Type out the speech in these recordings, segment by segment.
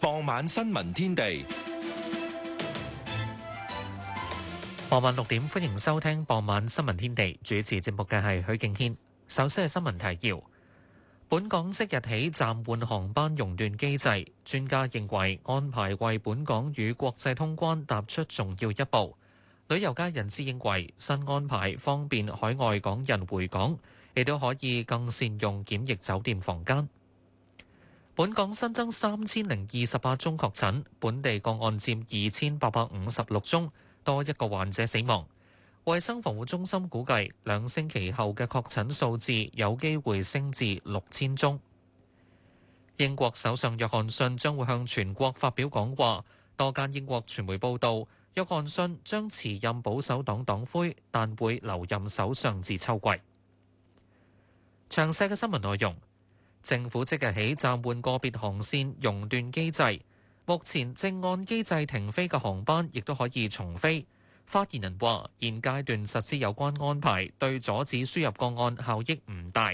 傍晚新聞天地，傍晚六點，歡迎收聽傍晚新聞天地。主持節目嘅係許敬軒。首先係新聞提要：本港即日起暫緩航班熔斷機制，專家認為安排為本港與國際通關踏出重要一步。旅遊界人士認為新安排方便海外港人回港，亦都可以更善用檢疫酒店房間。本港新增三千零二十八宗確診，本地個案佔二千八百五十六宗，多一個患者死亡。衛生防護中心估計，兩星期後嘅確診數字有機會升至六千宗。英國首相約翰遜將會向全國發表講話，多間英國傳媒報道，約翰遜將辭任保守黨黨魁，但會留任首相至秋季。詳細嘅新聞內容。政府即日起暫緩個別航線熔斷機制，目前正按機制停飛嘅航班亦都可以重飛。發言人話現階段實施有關安排，對阻止輸入個案效益唔大。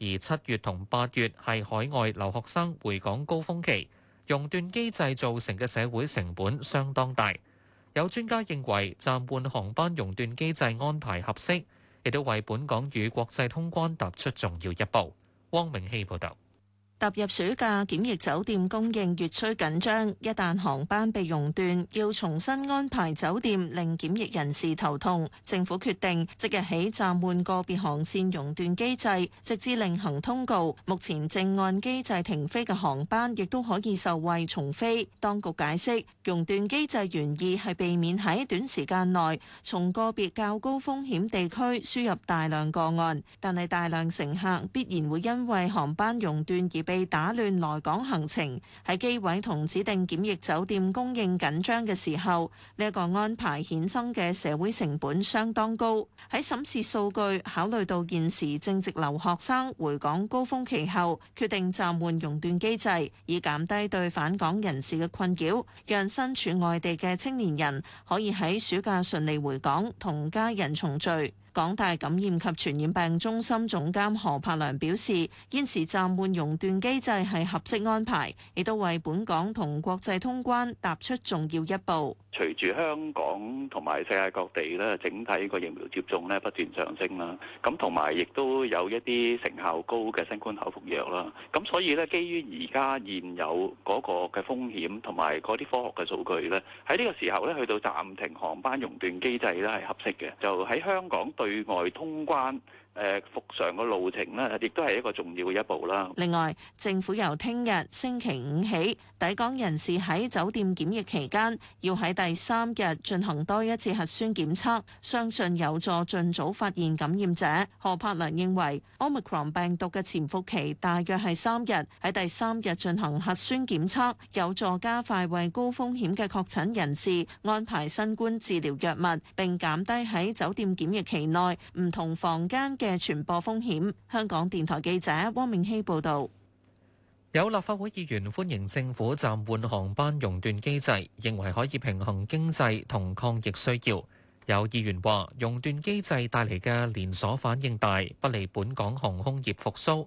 而七月同八月係海外留學生回港高峰期，熔斷機制造成嘅社會成本相當大。有專家認為暫緩航班熔斷機制安排合適，亦都為本港與國際通關踏出重要一步。汪明希報道。踏入暑假，檢疫酒店供應越趨緊張，一旦航班被熔斷，要重新安排酒店，令檢疫人士頭痛。政府決定即日起暫緩個別航線熔斷機制，直至另行通告。目前正按機制停飛嘅航班，亦都可以受惠重飛，當局解釋熔斷機制原意係避免喺短時間內從個別較高風險地區輸入大量個案，但係大量乘客必然會因為航班熔斷而被打亂來港行程，喺機位同指定檢疫酒店供應緊張嘅時候，呢一個安排衍生嘅社會成本相當高。喺審視數據，考慮到現時正值留學生回港高峰期後，決定暫緩熔斷機制，以減低對返港人士嘅困擾，讓身處外地嘅青年人可以喺暑假順利回港同家人重聚。港大感染及傳染病中心總監何柏良表示，堅持暫緩熔斷機制係合適安排，亦都為本港同國際通關踏出重要一步。隨住香港同埋世界各地咧，整體個疫苗接種咧不斷上升啦，咁同埋亦都有一啲成效高嘅新冠口服藥啦，咁所以咧，基於而家現有嗰個嘅風險同埋嗰啲科學嘅數據咧，喺呢個時候咧，去到暫停航班熔斷機制咧係合適嘅，就喺香港對外通關。誒復常嘅路程咧，亦都係一個重要嘅一步啦。另外，政府由聽日星期五起，抵港人士喺酒店檢疫期間，要喺第三日進行多一次核酸檢測，相信有助盡早發現感染者。何柏良認為，Omicron 病毒嘅潛伏期大約係三日，喺第三日進行核酸檢測，有助加快為高風險嘅確診人士安排新冠治療藥物，並減低喺酒店檢疫期內唔同房間嘅。嘅傳播風險，香港電台記者汪明希報導。有立法會議員歡迎政府暫緩航班熔斷機制，認為可以平衡經濟同抗疫需要。有議員話：熔斷機制帶嚟嘅連鎖反應大，不利本港航空業復甦。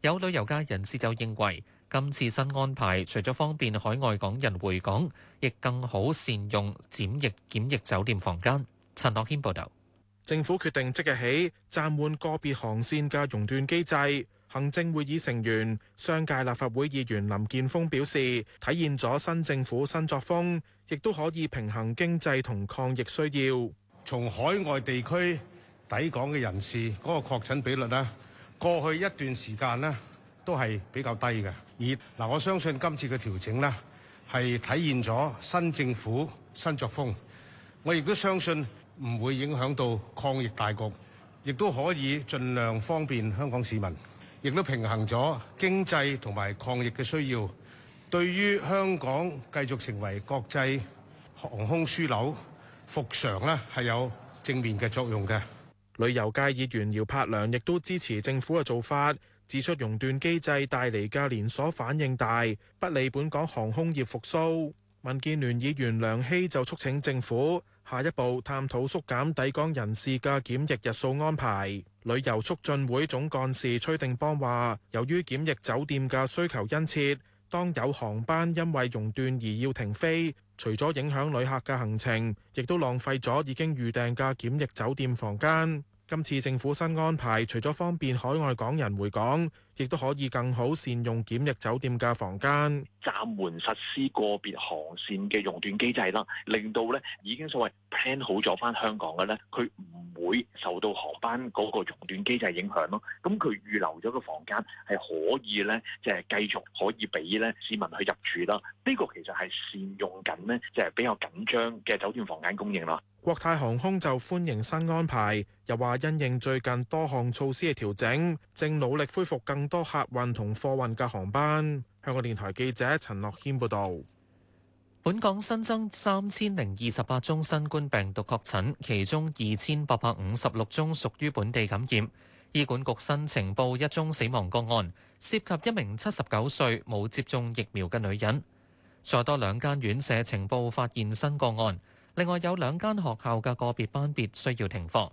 有旅遊界人士就認為，今次新安排除咗方便海外港人回港，亦更好善用檢疫檢疫酒店房間。陳樂軒報導。政府決定即日起暫緩個別航線嘅熔斷機制。行政會議成員、商界立法會議員林健鋒表示，體現咗新政府新作風，亦都可以平衡經濟同抗疫需要。從海外地區抵港嘅人士嗰個確診比率咧，過去一段時間咧都係比較低嘅。而嗱，我相信今次嘅調整咧係體現咗新政府新作風。我亦都相信。唔會影響到抗疫大局，亦都可以盡量方便香港市民，亦都平衡咗經濟同埋抗疫嘅需要。對於香港繼續成為國際航空樞紐復常呢，係有正面嘅作用嘅。旅遊界議員姚柏良亦都支持政府嘅做法，指出熔斷機制帶嚟嘅連鎖反應大，不利本港航空業復甦。民建聯議員梁希就促請政府下一步探討縮減抵港人士嘅檢疫日數安排。旅遊促進會總幹事崔定邦話，由於檢疫酒店嘅需求殷切，當有航班因為熔斷而要停飛，除咗影響旅客嘅行程，亦都浪費咗已經預訂嘅檢疫酒店房間。今次政府新安排，除咗方便海外港人回港，亦都可以更好善用檢疫酒店嘅房間。暫緩實施個別航線嘅熔斷機制啦，令到咧已經所謂 plan 好咗返香港嘅咧，佢唔會受到航班嗰個熔斷機制影響咯。咁佢預留咗個房間，係可以咧，即係繼續可以俾咧市民去入住啦。呢個其實係善用緊呢，即係比較緊張嘅酒店房間供應啦。國泰航空就歡迎新安排，又話因應最近多項措施嘅調整，正努力恢復更多客運同貨運嘅航班。香港電台記者陳樂謙報道，本港新增三千零二十八宗新冠病毒確診，其中二千八百五十六宗屬於本地感染。醫管局新呈報一宗死亡個案，涉及一名七十九歲冇接種疫苗嘅女人。再多兩間院舍呈報發現新個案，另外有兩間學校嘅個別班別需要停課。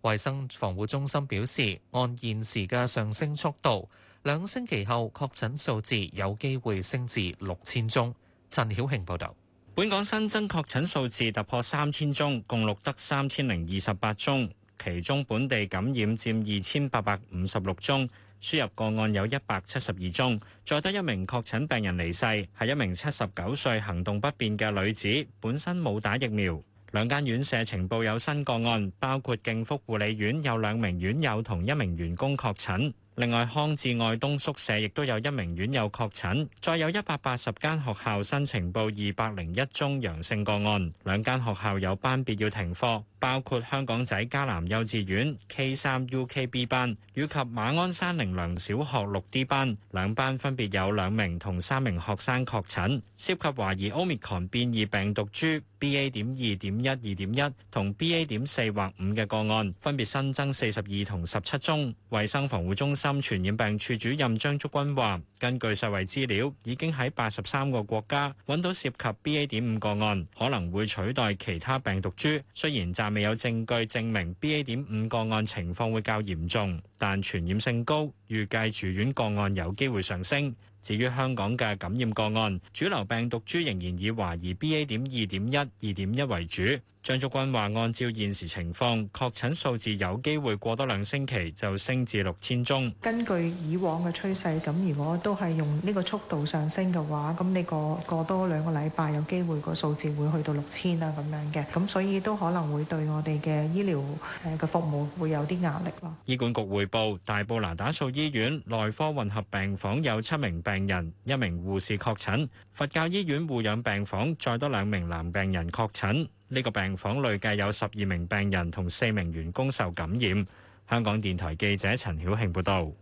衛生防護中心表示，按現時嘅上升速度，兩星期後，確診數字有機會升至六千宗。陳曉慶報導，本港新增確診數字突破三千宗，共錄得三千零二十八宗，其中本地感染佔二千八百五十六宗，輸入個案有一百七十二宗。再得一名確診病人離世，係一名七十九歲行動不便嘅女子，本身冇打疫苗。兩間院舍呈報有新個案，包括敬福護理院有兩名院友同一名員工確診。另外，匡智愛東宿舍亦都有一名院友確診，再有一百八十間學校申請報二百零一宗陽性個案，兩間學校有班別要停課，包括香港仔嘉南幼稚園 K 三 UKB 班以及馬鞍山靈糧小學六 D 班，兩班分別有兩名同三名學生確診，涉及懷疑 Omicron 變異病毒株。BA. 點二、點一、二點一同 BA. 點四或五嘅個案，分別新增四十二同十七宗。衛生防護中心傳染病處主任張竹君話，根據世衞資料，已經喺八十三個國家揾到涉及 BA. 點五個案，可能會取代其他病毒株。雖然暫未有證據證明 BA. 點五個案情況會較嚴重，但傳染性高，預計住院個案有機會上升。至於香港嘅感染個案，主流病毒株仍然以懷疑 BA. 點二點一、二點一為主。張竹君話，按照現時情況，確診數字有機會過多兩星期就升至六千宗。根據以往嘅趨勢，咁如果都係用呢個速度上升嘅話，咁你過過多兩個禮拜，有機會個數字會去到六千啊，咁樣嘅。咁所以都可能會對我哋嘅醫療誒嘅服務會有啲壓力咯。醫管局匯報，大埔那打素醫院內科混合病房有七名病人，一名護士確診；佛教醫院護養病房再多兩名男病人確診。呢個病房累計有十二名病人同四名員工受感染。香港電台記者陳曉慶報導。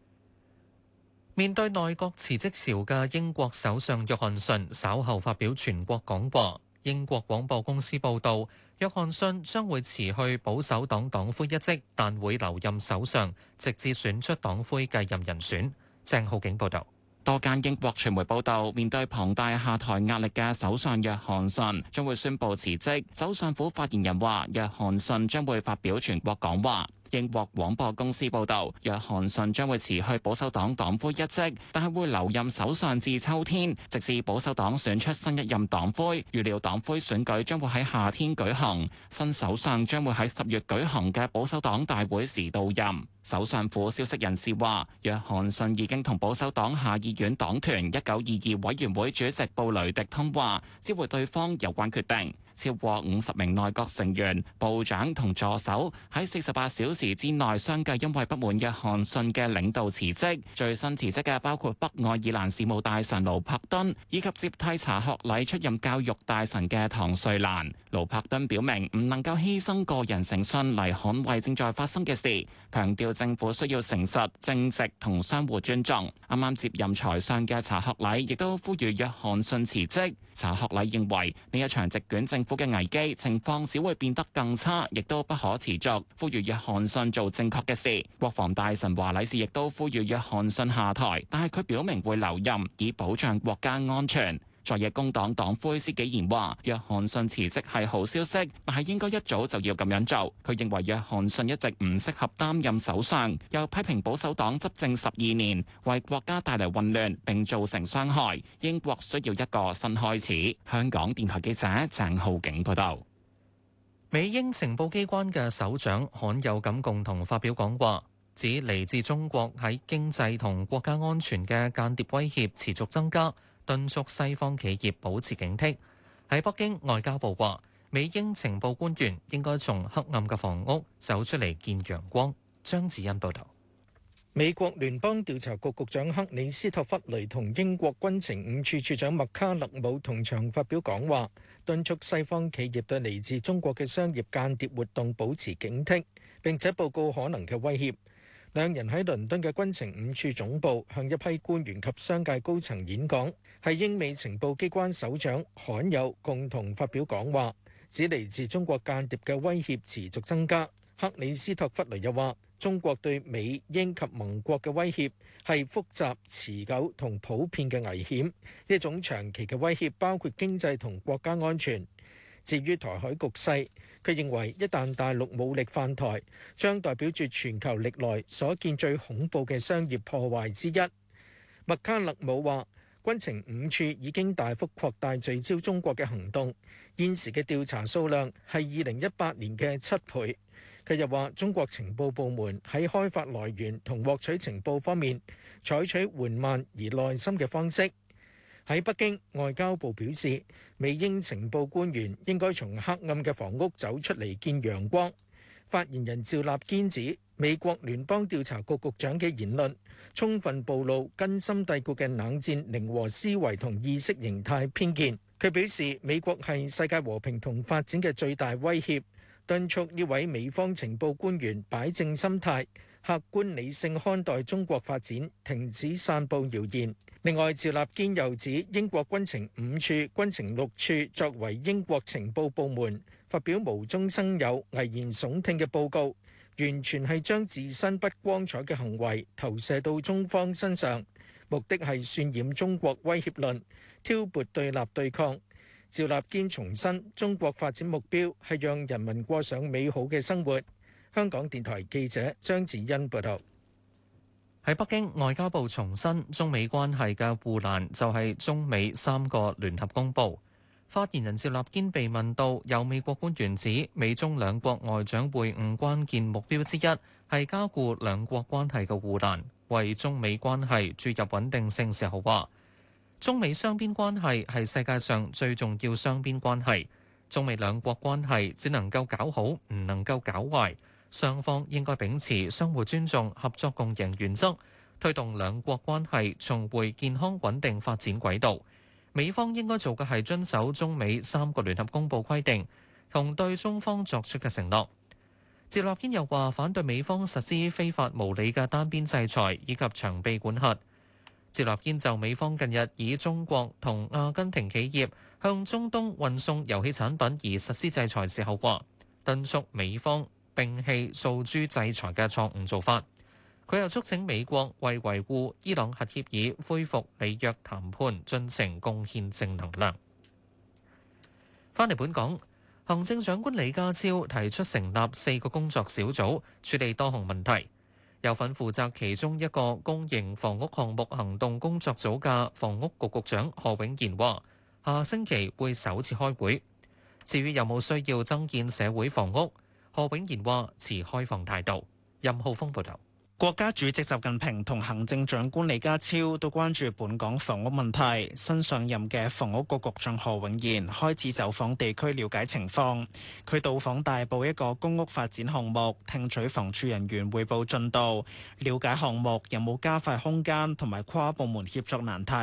面對內閣辭職潮嘅英國首相約翰遜稍後發表全國廣播。英國廣播公司報道，約翰遜將會辭去保守黨黨魁一職，但會留任首相，直至選出黨魁繼任人選。鄭浩景報導。多間英國傳媒報道，面對龐大下台壓力嘅首相約翰遜將會宣布辭職。首相府發言人話：約翰遜將會發表全國講話。英國廣播公司報導，約翰遜將會辭去保守黨黨魁一職，但係會留任首相至秋天，直至保守黨選出新一任黨魁。預料黨魁選舉將會喺夏天舉行，新首相將會喺十月舉行嘅保守黨大會時到任。首相府消息人士話，約翰遜已經同保守黨下議院黨團一九二二委員會主席布雷迪通話，知會對方有關決定。超過五十名內閣成員、部長同助手喺四十八小時之內相繼因為不滿約翰遜嘅領導辭職。最新辭職嘅包括北愛爾蘭事務大臣盧柏敦，以及接替查學禮出任教育大臣嘅唐瑞蘭。盧柏敦表明唔能夠犧牲個人誠信嚟捍衛正在發生嘅事，強調政府需要誠實、正直同相互尊重。啱啱接任財相嘅查學禮亦都呼籲約翰遜辭職。查學禮認為呢一場席捲政嘅危機情況只會變得更差，亦都不可持續。呼籲約翰遜做正確嘅事。國防大臣華禮士亦都呼籲約翰遜下台，但係佢表明會留任，以保障國家安全。在野工黨黨魁施紀賢話，約翰遜辭職係好消息，但係應該一早就要咁樣做。佢認為約翰遜一直唔適合擔任首相，又批評保守黨執政十二年為國家帶嚟混亂，並造成傷害，英國需要一個新開始。香港電台記者鄭浩景報道，美英情報機關嘅首長罕有咁共同發表講話，指嚟自中國喺經濟同國家安全嘅間諜威脅持續增加，敦促西方企業保持警惕。喺北京，外交部話：美英情報官員應該從黑暗嘅房屋走出嚟見陽光。張子欣報道，美國聯邦調查局局長克里斯托弗雷同英國軍情五處處長麥卡勒姆同場發表講話，敦促西方企業對嚟自中國嘅商業間諜活動保持警惕，並且報告可能嘅威脅。兩人喺倫敦嘅軍情五處總部向一批官員及商界高層演講，係英美情報機關首長罕有共同發表講話指嚟自中國間諜嘅威脅持續增加。克里斯托弗雷又話中國對美英及盟國嘅威脅，係複雜持久同普遍嘅危險，一種長期嘅威脅包括經濟同國家安全。至於台海局勢，佢認為一旦大陸武力犯台，將代表住全球歷來所見最恐怖嘅商業破壞之一。麥卡勒姆話：軍情五處已經大幅擴大聚焦中國嘅行動，現時嘅調查數量係二零一八年嘅七倍。佢又話：中國情報部門喺開發來源同獲取情報方面，採取緩慢而耐心嘅方式。喺北京，外交部表示，美英情報官員應該從黑暗嘅房屋走出嚟見陽光。發言人趙立堅指，美國聯邦調查局局長嘅言論，充分暴露根深蒂固嘅冷戰零和思維同意識形態偏見，佢表示，美國係世界和平同發展嘅最大威脅，敦促呢位美方情報官員擺正心態。客觀理性看待中國發展，停止散佈謠言。另外，趙立堅又指英國軍情五處、軍情六處作為英國情報部門發表無中生有、危言聳聽嘅報告，完全係將自身不光彩嘅行為投射到中方身上，目的係渲染中國威脅論、挑撥對立對抗。趙立堅重申，中國發展目標係讓人民過上美好嘅生活。香港電台記者張子欣報道，喺北京，外交部重申中美關係嘅護欄就係中美三個聯合公報。發言人趙立堅被問到有美國官員指美中兩國外長會晤關鍵目標之一係加固兩國關係嘅護欄，為中美關係注入穩定性時候，話中美雙邊關係係世界上最重要雙邊關係，中美兩國關係只能夠搞好，唔能夠搞壞。雙方應該秉持相互尊重、合作共贏原則，推動兩國關係重回健康穩定發展軌道。美方應該做嘅係遵守中美三個聯合公佈規定，同對中方作出嘅承諾。謝立堅又話：反對美方實施非法無理嘅單邊制裁以及長臂管轄。謝立堅就美方近日以中國同阿根廷企業向中東運送遊戲產品而實施制裁時候話：敦促美方。摒棄訴諸制裁嘅錯誤做法，佢又促請美國為維護伊朗核協議恢復、恢復里約談判進程貢獻正能量。翻嚟，本港，行政長官李家超提出成立四個工作小組處理多項問題。有份負責其中一個公營房屋項目行動工作組嘅房屋局局局長何永賢話：，下星期會首次開會，至於有冇需要增建社會房屋。何永賢話：持開放態度。任浩峰報道。國家主席習近平同行政長官李家超都關注本港房屋問題。新上任嘅房屋局局長何永賢開始走訪地區了解情況。佢到訪大埔一個公屋發展項目，聽取房署人員匯報進度，了解項目有冇加快空間同埋跨部門協作難題。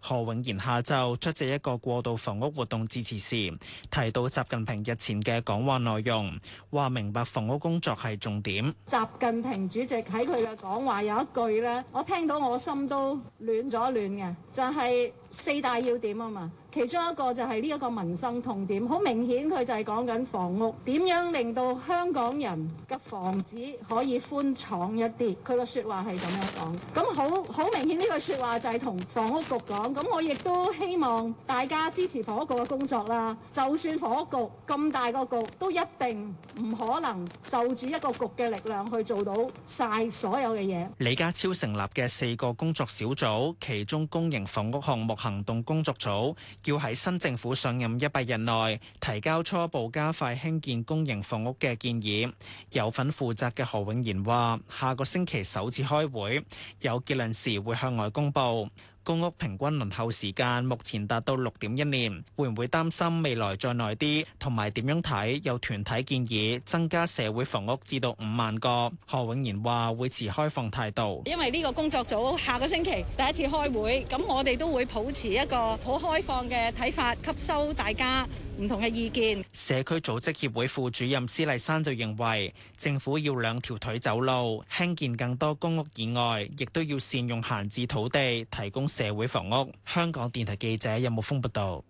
何永賢下晝出席一個過渡房屋活動致辭時，提到習近平日前嘅講話內容，話明白房屋工作係重點。習近平主席喺佢嘅講話有一句咧，我聽到我心都暖咗暖嘅，就係、是。四大要點啊嘛，其中一個就係呢一個民生痛點，好明顯佢就係講緊房屋點樣令到香港人嘅房子可以寬敞一啲，佢個說話係咁樣講，咁好好明顯呢個說話就係同房屋局講，咁我亦都希望大家支持房屋局嘅工作啦。就算房屋局咁大個局，都一定唔可能就住一個局嘅力量去做到晒所有嘅嘢。李家超成立嘅四個工作小組，其中公營房屋項目。行動工作組要喺新政府上任一百日內提交初步加快興建公營房屋嘅建議。有份負責嘅何永賢話，下個星期首次開會，有結論時會向外公佈。公屋平均輪候時間目前達到六點一年，會唔會擔心未來再耐啲？同埋點樣睇？有團體建議增加社會房屋至到五萬個。何永賢話會持開放態度，因為呢個工作組下個星期第一次開會，咁我哋都會抱持一個好開放嘅睇法，吸收大家唔同嘅意見。社區組織協會副主任施麗珊就認為，政府要兩條腿走路，興建更多公屋以外，亦都要善用閒置土地，提供社會房屋。香港電台記者任木峰報導。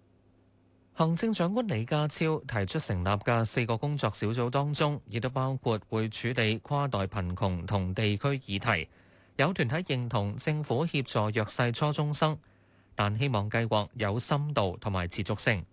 行政長官李家超提出成立嘅四個工作小組當中，亦都包括會處理跨代貧窮同地區議題。有團體認同政府協助弱勢初中生，但希望計劃有深度同埋持續性。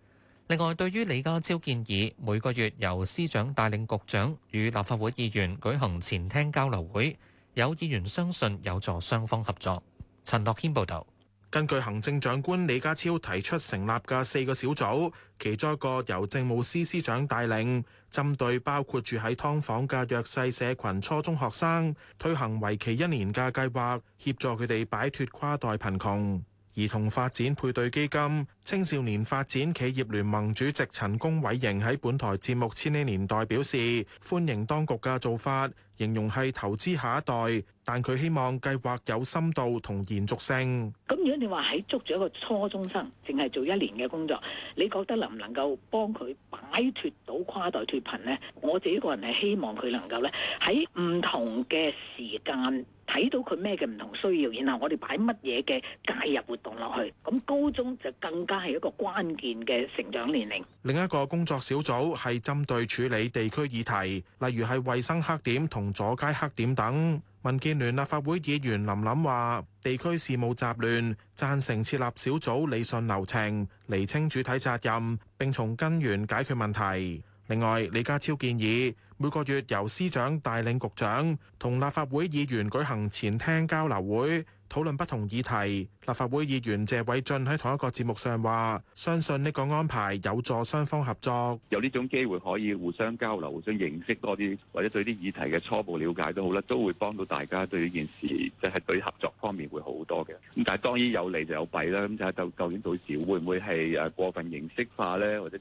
另外，對於李家超建議每個月由司長帶領局長與立法會議員舉行前廳交流會，有議員相信有助雙方合作。陳樂軒報導。根據行政長官李家超提出成立嘅四個小組，其中一個由政務司司長帶領，針對包括住喺劏房嘅弱勢社群初中學生，推行為期一年嘅計劃，協助佢哋擺脫跨代貧窮。兒童發展配對基金、青少年發展企業聯盟主席陳公偉瑩喺本台節目《千禧年代》表示，歡迎當局嘅做法，形容係投資下一代，但佢希望計劃有深度同延續性。咁如果你話喺捉住一個初中生，淨係做一年嘅工作，你覺得能唔能夠幫佢擺脱到跨代脫貧呢？我自己個人係希望佢能夠咧喺唔同嘅時間。睇到佢咩嘅唔同需要，然後我哋擺乜嘢嘅介入活動落去。咁高中就更加係一個關鍵嘅成長年齡。另一個工作小組係針對處理地區議題，例如係衛生黑點同阻街黑點等。民建聯立法會議員林琳話地區事務雜亂，贊成設立小組理順流程，釐清主體責任，並從根源解決問題。另外，李家超建議每個月由司長帶領局長同立法會議員舉行前廳交流會。討論不同議題，立法會議員謝偉俊喺同一個節目上話：相信呢個安排有助雙方合作，有呢種機會可以互相交流、互相認識多啲，或者對啲議題嘅初步了解都好啦，都會幫到大家對呢件事即係、就係、對合作方面會好多嘅。咁但係當然有利就有弊啦。咁就就究竟到時會唔會係誒過分形式化咧，或者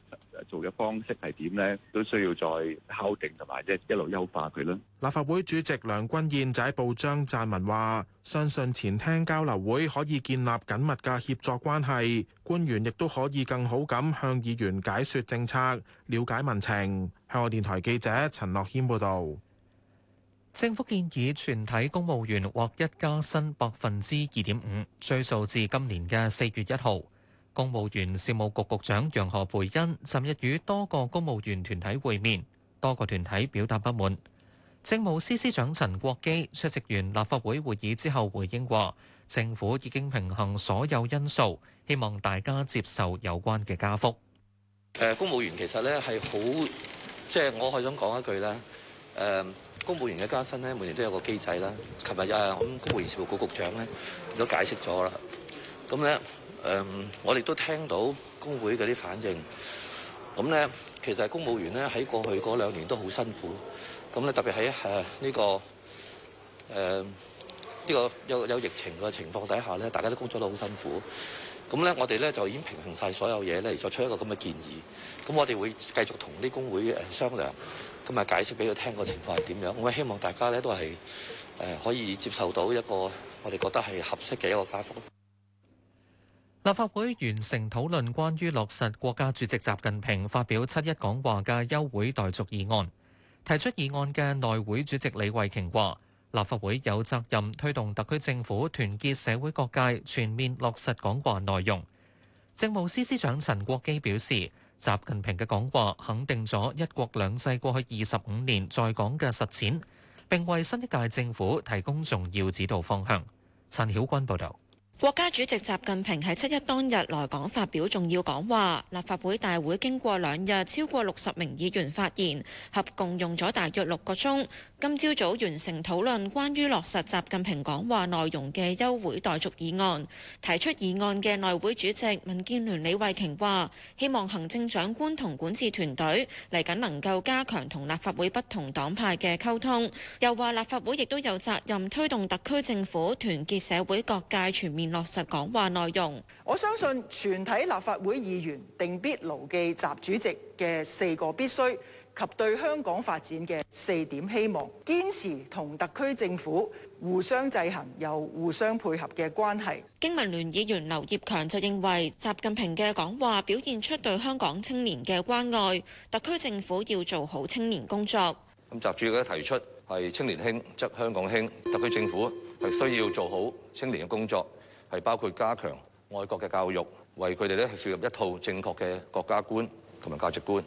做嘅方式係點咧，都需要再敲定同埋一一路優化佢啦。立法會主席梁君彥就喺報章撰文話。相信前廳交流會可以建立緊密嘅協作關係，官員亦都可以更好咁向議員解說政策、了解民情。香港電台記者陳樂謙報道。政府建議全體公務員獲一加薪百分之二點五，追溯至今年嘅四月一號。公務員事務局局局長楊何培恩尋日與多個公務員團體會面，多個團體表達不滿。政務司司長陳國基出席完立法會會議之後回應話，政府已經平衡所有因素，希望大家接受有關嘅加幅。誒，公務員其實咧係好，即係我係想講一句啦。誒，公務員嘅加薪咧每年都有個機制啦。琴日啊，咁公務員事務局局長咧都解釋咗啦。咁咧誒，我哋都聽到工會嗰啲反應。咁咧，其實公務員咧喺過去嗰兩年都好辛苦。咁咧特別喺誒呢個誒呢、呃呢個有有疫情嘅情況底下咧，大家都工作都好辛苦。咁咧，我哋咧就已經平衡晒所有嘢咧，作出一個咁嘅建議。咁我哋會繼續同啲工會誒商量，咁啊解釋俾佢聽個情況係點樣。我希望大家咧都係誒可以接受到一個我哋覺得係合適嘅一個加幅。立法會完成討論關於落實國家主席習近平發表七一講話嘅休會待續議案。提出議案嘅內會主席李慧瓊話：立法會有責任推動特區政府團結社會各界，全面落實講話內容。政務司司長陳國基表示，習近平嘅講話肯定咗一國兩制過去二十五年在港嘅實踐，並為新一屆政府提供重要指導方向。陳曉君報導。國家主席習近平喺七一當日來港發表重要講話。立法會大會經過兩日，超過六十名議員發言，合共用咗大約六個鐘。今朝早完成討論關於落實習近平講話內容嘅休會待續議案。提出議案嘅內會主席民建聯李慧瓊話：希望行政長官同管治團隊嚟緊能夠加強同立法會不同黨派嘅溝通。又話立法會亦都有責任推動特區政府團結社會各界全面落實講話內容，我相信全體立法會議員定必牢記習主席嘅四個必須及對香港發展嘅四點希望，堅持同特區政府互相制衡又互相配合嘅關係。經民聯議員劉業強就認為，習近平嘅講話表現出對香港青年嘅關愛，特區政府要做好青年工作。咁習主席嘅提出係青年興則香港興，特區政府係需要做好青年嘅工作。係包括加強愛國嘅教育，為佢哋呢樹立一套正確嘅國家觀同埋價值觀，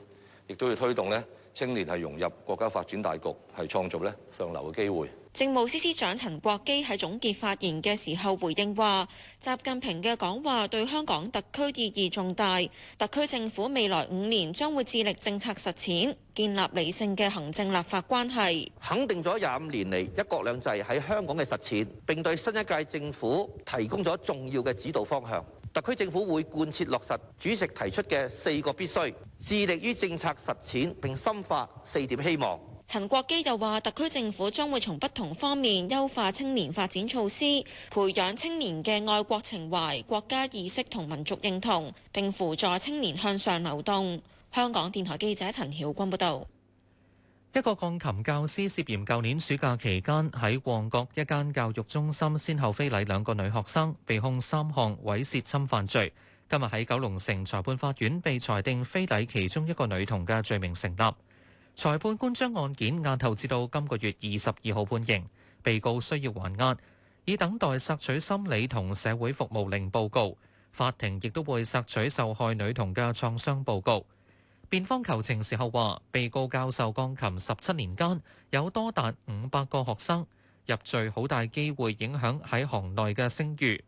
亦都要推動呢青年係融入國家發展大局，係創造呢上流嘅機會。政務司司長陳國基喺總結發言嘅時候回應話，習近平嘅講話對香港特區意義重大，特區政府未來五年將會致力政策實踐，建立理性嘅行政立法關係。肯定咗廿五年嚟一國兩制喺香港嘅實踐，並對新一屆政府提供咗重要嘅指導方向。特區政府會貫徹落實主席提出嘅四個必須，致力於政策實踐，並深化四點希望。陳國基又話：特區政府將會從不同方面優化青年發展措施，培養青年嘅愛國情懷、國家意識同民族認同，並輔助青年向上流動。香港電台記者陳曉君報導。一個鋼琴教師涉嫌舊年暑假期間喺旺角一間教育中心，先後非禮兩個女學生，被控三項猥褻侵犯罪。今日喺九龍城裁判法院，被裁定非禮其中一個女童嘅罪名成立。裁判官將案件押後至到今個月二十二號判刑，被告需要還押，以等待索取心理同社會服務令報告。法庭亦都會索取受害女童嘅創傷報告。辯方求情時候話，被告教授鋼琴十七年間有多達五百個學生入罪，好大機會影響喺行內嘅聲譽。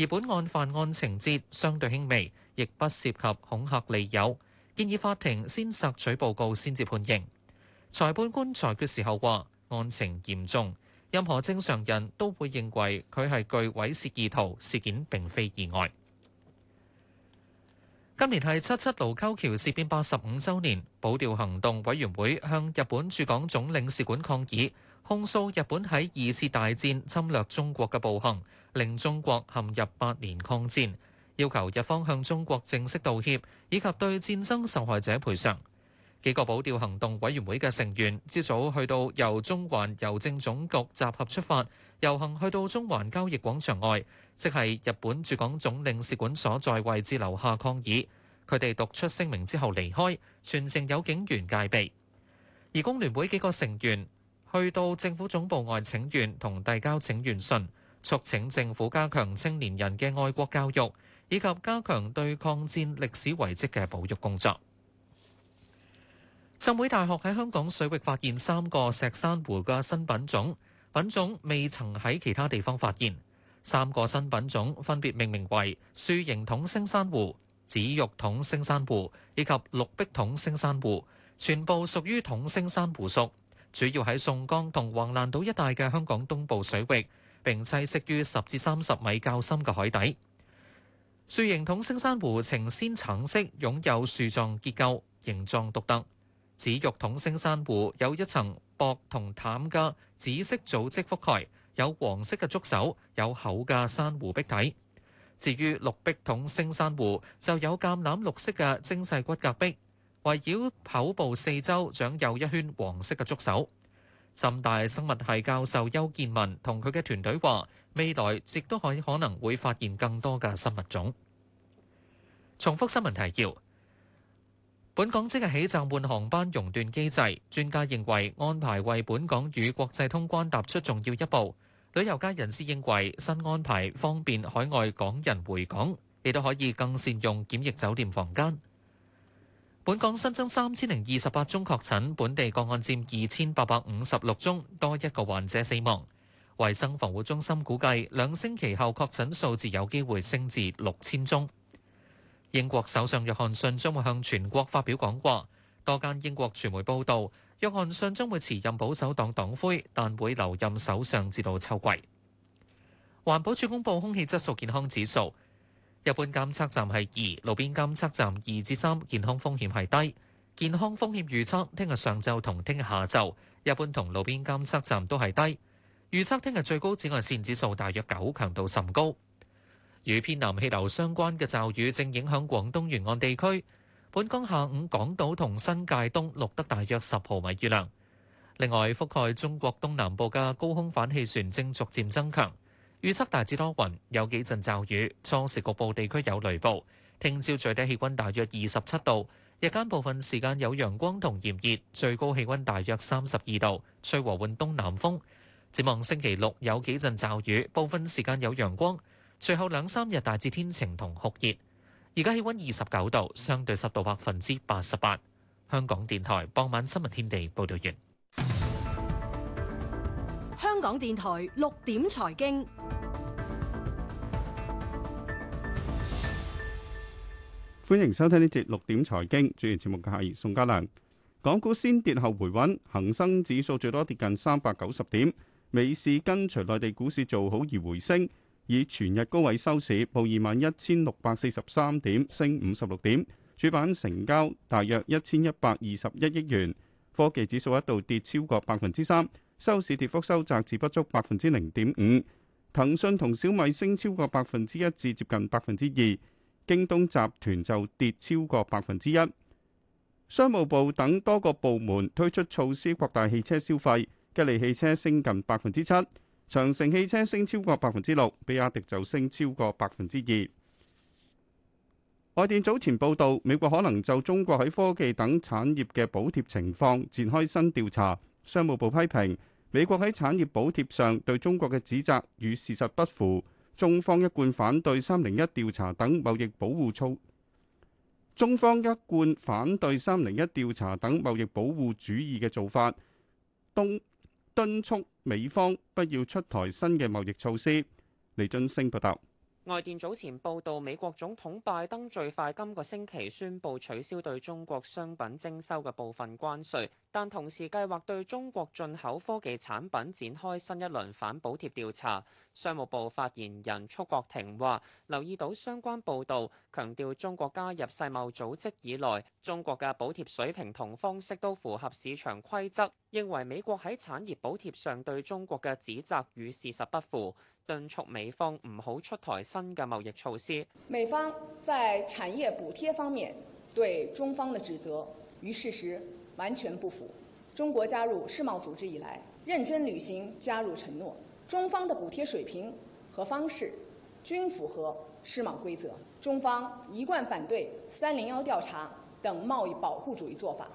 而本案犯案情節相對輕微，亦不涉及恐嚇利誘。建議法庭先索取報告先至判刑。裁判官裁決時候話：案情嚴重，任何正常人都會認為佢係具毀滅意圖，事件並非意外。今年係七七盧溝橋事變八十五週年，保釣行動委員會向日本駐港總領事館抗議，控訴日本喺二次大戰侵略中國嘅暴行，令中國陷入八年抗戰。要求日方向中國正式道歉，以及對戰爭受害者賠償。幾個保釣行動委員會嘅成員朝早去到由中環郵政總局集合出發，遊行去到中環交易廣場外，即係日本駐港總領事館所在位置，樓下抗議。佢哋讀出聲明之後離開，全城有警員戒備。而工聯會幾個成員去到政府總部外請願，同遞交請願信，促請政府加強青年人嘅愛國教育。以及加強對抗戰歷史遺跡嘅保育工作。浸會大學喺香港水域發現三個石珊瑚嘅新品種，品種未曾喺其他地方發現。三個新品種分別命名為樹形筒星珊瑚、紫玉筒星珊瑚以及綠壁筒星珊瑚，全部屬於筒星珊瑚屬，主要喺宋江同橫瀾島一帶嘅香港東部水域，並棲息於十至三十米較深嘅海底。.樹形筒星珊瑚呈鮮橙色，擁有樹狀結構，形狀獨特。紫玉筒星珊瑚有一層薄同淡嘅紫色組織覆蓋，有黃色嘅觸手，有厚嘅珊瑚壁體。至於綠壁筒星珊瑚就有橄欖綠色嘅精細骨骼壁，圍繞口部四周長有一圈黃色嘅觸手。深大生物系教授邱建文同佢嘅團隊話。未來亦都可可能會發現更多嘅新物種。重複新聞提要：本港即日起暫換航班熔斷機制，專家認為安排為本港與國際通關踏出重要一步。旅遊界人士認為新安排方便海外港人回港，亦都可以更善用檢疫酒店房間。本港新增三千零二十八宗確診，本地個案佔二千八百五十六宗，多一個患者死亡。衛生防護中心估計兩星期後確診數字有機會升至六千宗。英國首相約翰遜將會向全國發表講話。多間英國傳媒報道，約翰遜將會辭任保守黨黨魁，但會留任首相至到秋季。環保署公布空氣質素健康指數，一般監測站係二，路邊監測站二至三，健康風險係低。健康風險預測，聽日上晝同聽日下晝，一般同路邊監測站都係低。預測聽日最高紫外線指數大約九，強度甚高。與偏南氣流相關嘅驟雨正影響廣東沿岸地區。本港下午，港島同新界東錄得大約十毫米雨量。另外，覆蓋中國東南部嘅高空反氣旋正逐漸增強。預測大致多雲，有幾陣驟雨，初時局部地區有雷暴。聽朝最低氣溫大約二十七度，日間部分時間有陽光同炎熱，最高氣溫大約三十二度，吹和緩東南風。展望星期六有幾陣驟雨，部分時間有陽光。隨後兩三日大致天晴同酷熱。而家氣溫二十九度，相對濕度百分之八十八。香港電台傍晚新聞天地報道完。香港電台六點財經，歡迎收聽呢節六點財經，主持節目嘅係宋嘉良。港股先跌後回穩，恒生指數最多跌近三百九十點。美市跟隨內地股市做好而回升，以全日高位收市，報二萬一千六百四十三點，升五十六點。主板成交大約一千一百二十一億元。科技指數一度跌超過百分之三，收市跌幅收窄至不足百分之零點五。騰訊同小米升超過百分之一至接近百分之二，京東集團就跌超過百分之一。商務部等多個部門推出措施擴大汽車消費。吉利汽車升近百分之七，長城汽車升超過百分之六，比亞迪就升超過百分之二。外電早前報道，美國可能就中國喺科技等產業嘅補貼情況展開新調查。商務部批評美國喺產業補貼上對中國嘅指責與事實不符，中方一貫反對三零一調查等貿易保護措。中方一貫反對三零一調查等貿易保護主義嘅做法。東敦促美方不要出台新嘅貿易措施。李俊升報道。外電早前報道，美國總統拜登最快今個星期宣布取消對中國商品徵收嘅部分關稅，但同時計劃對中國進口科技產品展開新一輪反補貼調查。商務部發言人束國婷話：留意到相關報道，強調中國加入世貿組織以來，中國嘅補貼水平同方式都符合市場規則，認為美國喺產業補貼上對中國嘅指責與事實不符。敦促美方唔好出台新嘅貿易措施。美方在產業補貼方面對中方的指責與事實完全不符。中國加入世貿組織以來，認真履行加入承諾，中方的補貼水平和方式均符合世貿規則。中方一貫反對三零一調查等貿易保護主義做法，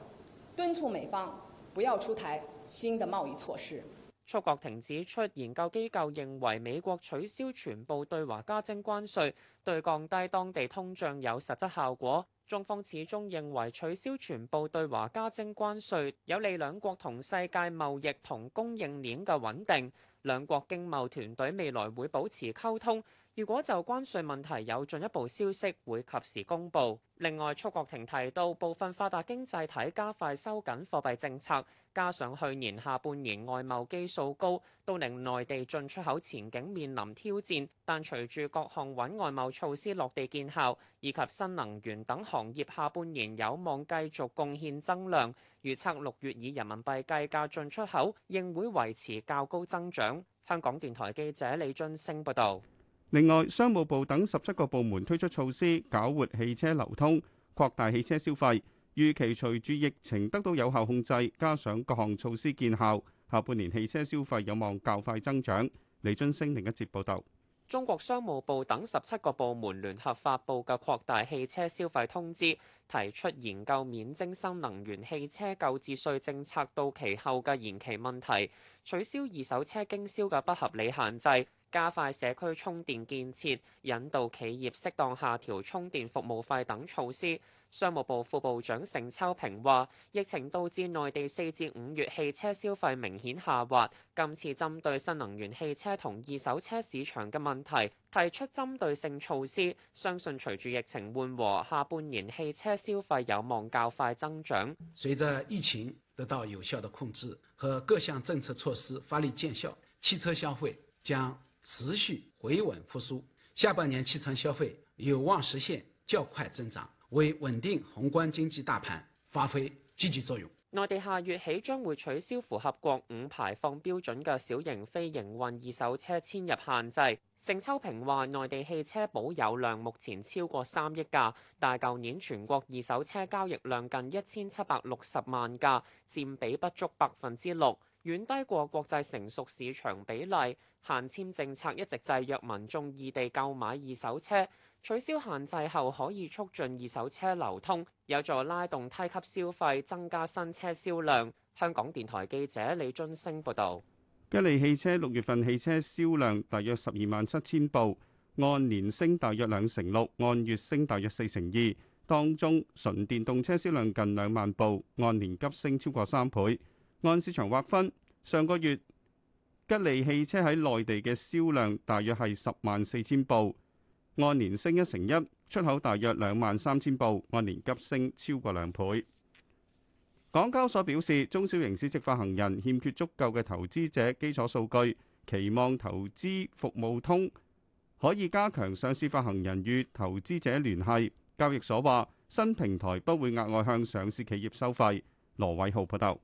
敦促美方不要出台新的貿易措施。束國庭指出，研究機構認為美國取消全部對華加徵關稅，對降低當地通脹有實質效果。中方始終認為取消全部對華加徵關稅有利兩國同世界貿易同供應鏈嘅穩定。兩國經貿團隊未來會保持溝通。如果就關稅問題有進一步消息，會及時公佈。另外，束珏婷提到，部分發達經濟體加快收緊貨幣政策，加上去年下半年外貿基數高，都令內地進出口前景面臨挑戰。但隨住各項穩外貿措施落地見效，以及新能源等行業下半年有望繼續貢獻增量，預測六月以人民幣計價進出口應會維持較高增長。香港電台記者李津星報道。另外，商務部等十七個部門推出措施，搞活汽車流通，擴大汽車消費。預期隨住疫情得到有效控制，加上各項措施見效，下半年汽車消費有望較快增長。李津升另一節報導，中國商務部等十七個部門聯合發布嘅擴大汽車消費通知，提出研究免徵新能源汽車購置稅政策到期後嘅延期問題，取消二手車經銷嘅不合理限制。加快社區充電建設、引導企業適當下調充電服務費等措施。商務部副部長盛秋平話：疫情導致內地四至五月汽車消費明顯下滑，今次針對新能源汽車同二手車市場嘅問題提出針對性措施，相信隨住疫情緩和，下半年汽車消費有望較快增長。隨着疫情得到有效的控制和各項政策措施發力見效，汽車消費將持續回穩復蘇，下半年汽車消費有望實現較快增長，為穩定宏觀經濟大盤發揮積極作用。內地下月起將會取消符合國五排放標準嘅小型非營運二手車遷入限制。盛秋平話，內地汽車保有量目前超過三億架，但舊年全國二手車交易量近一千七百六十萬架，佔比不足百分之六。遠低過國際成熟市場比例，限遷政策一直制約民眾異地購買二手車。取消限制後，可以促進二手車流通，有助拉動梯級消費，增加新車銷量。香港電台記者李津星報道：吉利汽車六月份汽車銷量大約十二萬七千部，按年升大約兩成六，按月升大約四成二。當中純電動車銷量近兩萬部，按年急升超過三倍。按市場劃分，上個月吉利汽車喺內地嘅銷量大約係十萬四千部，按年升一成一；出口大約兩萬三千部，按年急升超過兩倍。港交所表示，中小型市值發行人欠缺足夠嘅投資者基礎數據，期望投資服務通可以加強上市發行人與投資者聯繫。交易所話，新平台不會額外向上市企業收費。羅偉浩報道。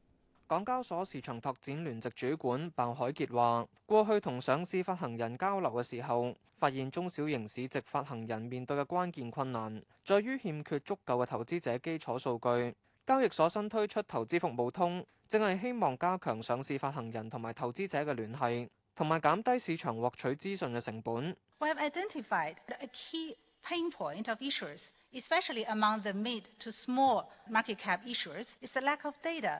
港交所市場拓展聯席主管鮑海杰話，過去同上市發行人交流嘅時候，發現中小型市值發行人面對嘅關鍵困難，在於欠缺足夠嘅投資者基礎數據。交易所新推出投資服務通，正係希望加強上市發行人同埋投資者嘅聯繫，同埋減低市場獲取資訊嘅成本。We have identified a key pain point of issuers, especially among the mid-to-small market cap issuers, is the lack of data.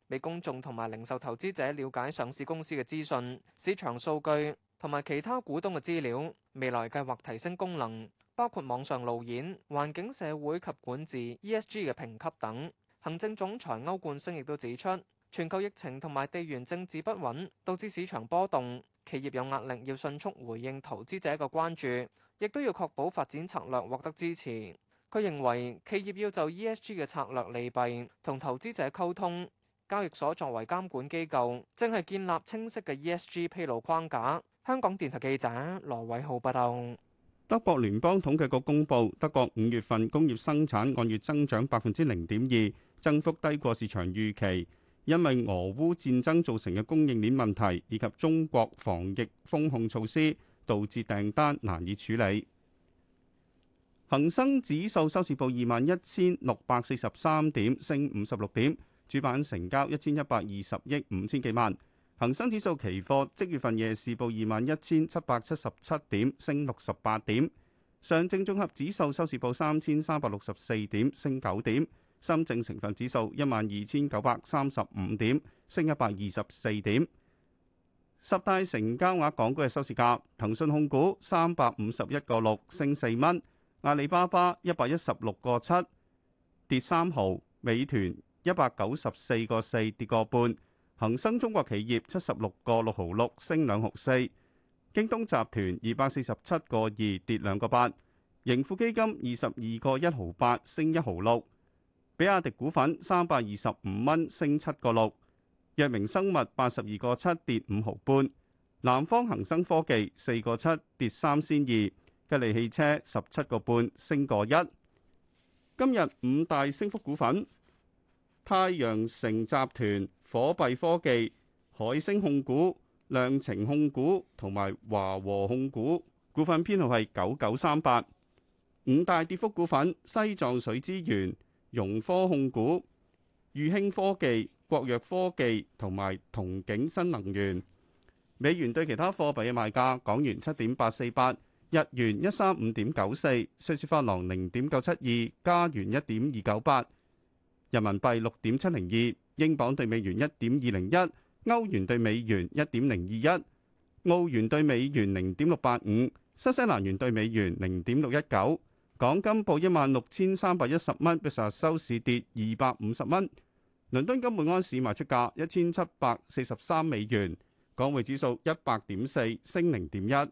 畀公眾同埋零售投資者了解上市公司嘅資訊、市場數據同埋其他股東嘅資料。未來計劃提升功能，包括網上路演、環境、社會及管治 （ESG） 嘅評級等。行政總裁歐冠星亦都指出，全球疫情同埋地緣政治不穩導致市場波動，企業有壓力要迅速回應投資者嘅關注，亦都要確保發展策略獲得支持。佢認為企業要就 ESG 嘅策略利弊同投資者溝通。交易所作為監管機構，正係建立清晰嘅 ESG 披露框架。香港電台記者羅偉浩報道。德國聯邦統計局公佈，德國五月份工業生產按月增長百分之零點二，增幅低過市場預期，因為俄烏戰爭造成嘅供應鏈問題以及中國防疫封控措施，導致訂單難以處理。恒生指數收市報二萬一千六百四十三點，升五十六點。主板成交一千一百二十億五千幾萬，恒生指數期貨即月份夜市報二萬一千七百七十七點，升六十八點。上證綜合指數收市報三千三百六十四點，升九點。深證成分指數一萬二千九百三十五點，升一百二十四點。十大成交額港股嘅收市價，騰訊控股三百五十一個六，升四蚊。阿里巴巴一百一十六個七，跌三毫。美團一百九十四個四跌個半，恒生中國企業七十六個六毫六升兩毫四，京東集團二百四十七個二跌兩個八，盈富基金二十二個一毫八升一毫六，比亞迪股份三百二十五蚊升七個六，藥明生物八十二個七跌五毫半，南方恒生科技四個七跌三仙二，吉利汽車十七個半升個一，今日五大升幅股份。太陽城集團、火幣科技、海星控股、量程控股同埋華和控股股份編號係九九三八。五大跌幅股份：西藏水資源、融科控股、裕興科技、國藥科技同埋同景新能源。美元對其他貨幣嘅賣價：港元七點八四八，日元一三五點九四，瑞士法郎零點九七二，加元一點二九八。人民幣六點七零二，英鎊對美元一點二零一，歐元對美元一點零二一，澳元對美元零點六八五，新西蘭元對美元零點六一九。港金報一萬六千三百一十蚊，比上收市跌二百五十蚊。倫敦金每安士賣出價一千七百四十三美元，港匯指數一百點四升零點一。